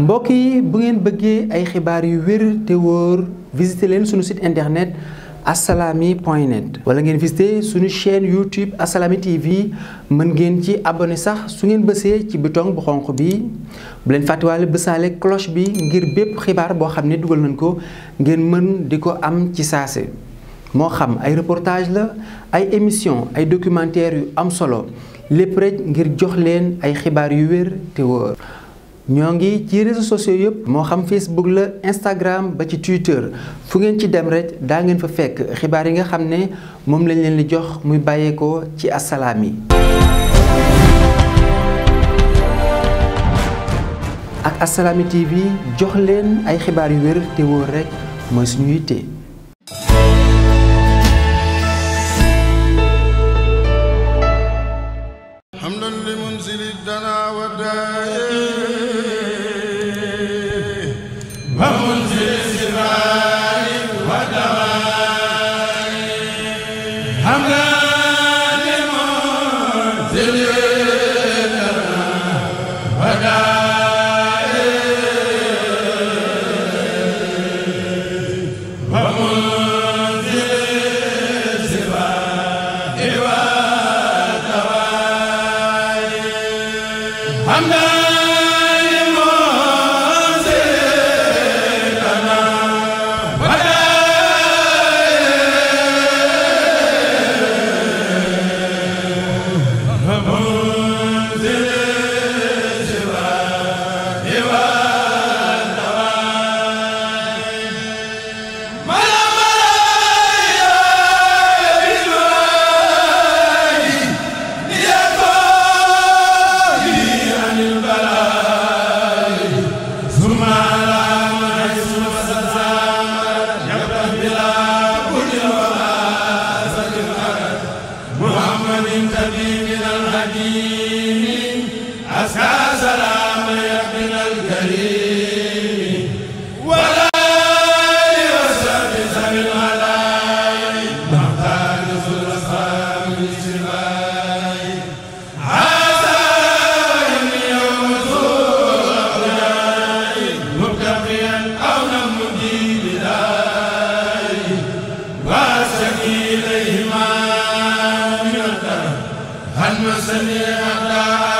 mbokk yi bu ngeen bëggee ay xibaar yu wér te wóor visité leen suñu site internet assalaami point net wala ngeen visité suñu chaîne YouTube assalaami TV mën ngeen ci abonné sax su ngeen bësee ci bouton bu xonq bi bu leen fàttewaale bësaale cloche bi ngir bépp xibaar boo xam ne dugal nañ ko ngeen mën di ko am ci saase moo xam ay reportage la ay émission ay documentaire yu am solo lépp rek ngir jox leen ay xibaar yu wér te wóor ñoo ngi ci réseaux sociaux yëpp moo xam Facebook la Instagram ba ci Twitter fu ngeen ci dem rek daa ngeen fa fekk xibaar yi nga xam ne moom lañ leen di jox muy bàyyeekoo ci Assalaamy ak Assalaamy TV jox leen ay xibaar yu wér te wóor rek mooy suñu yitte. Vamos عليهما من الدهر هل مسني أداء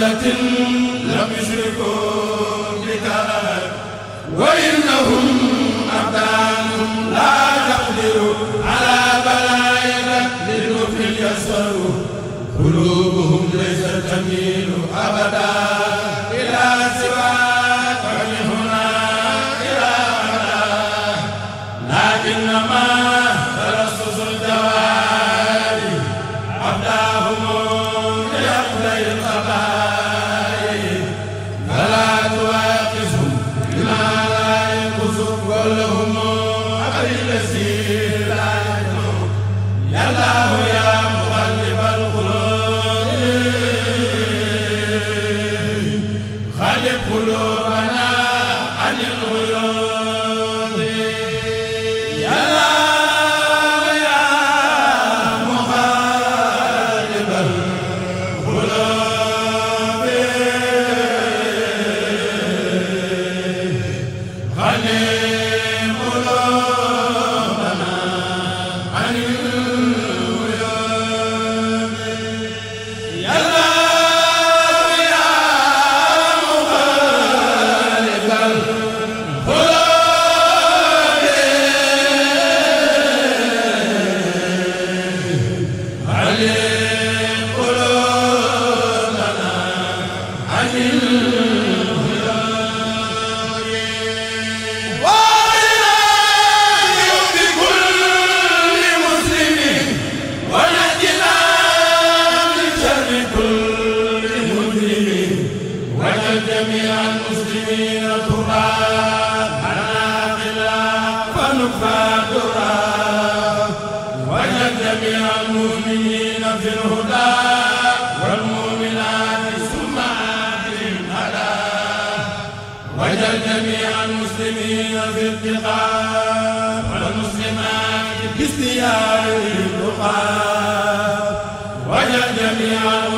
دولة لم يشركوا بك وإنهم أبدان لا تقدر على بلايا للغفل يسر قلوبهم ليست تميل لهم أخي الذي لا يعلم يا الله يا جميع المؤمنين في الهدى والمؤمنات ثم آتهم هدى وجل جميع المسلمين في التقاء والمسلمات باستيارهم الرقى وجل جميع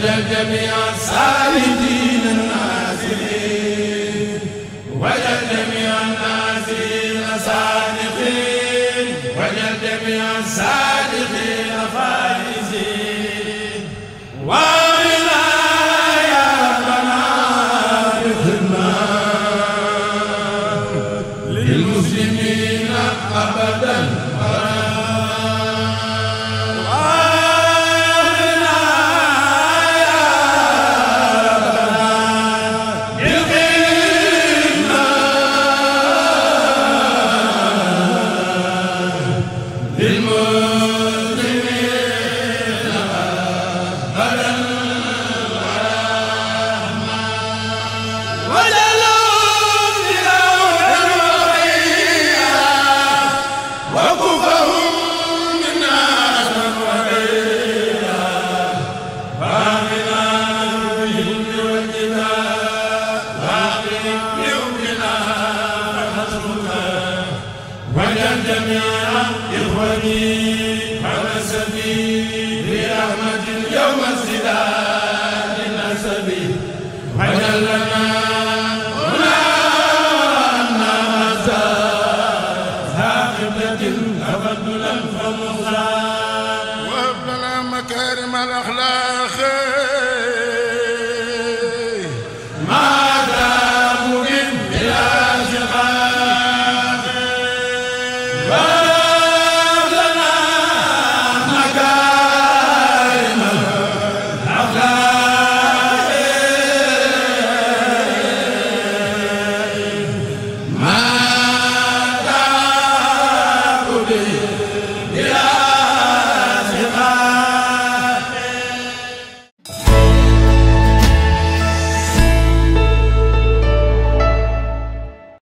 wajal jami'an salim وجل جميع إخواني على سبيل برحمة يوم السلام لنسبي وجل لنا وابتلى مكارم الاخلاق